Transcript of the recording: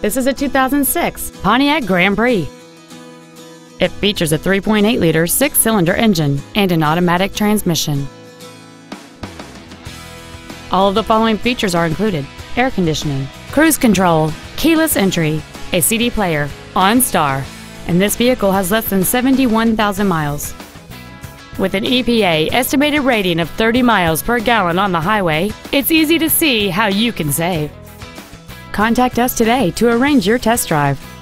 This is a 2006 Pontiac Grand Prix. It features a 3.8-liter six-cylinder engine and an automatic transmission. All of the following features are included. Air conditioning, cruise control, keyless entry, a CD player, OnStar, and this vehicle has less than 71,000 miles. With an EPA estimated rating of 30 miles per gallon on the highway, it's easy to see how you can save. Contact us today to arrange your test drive.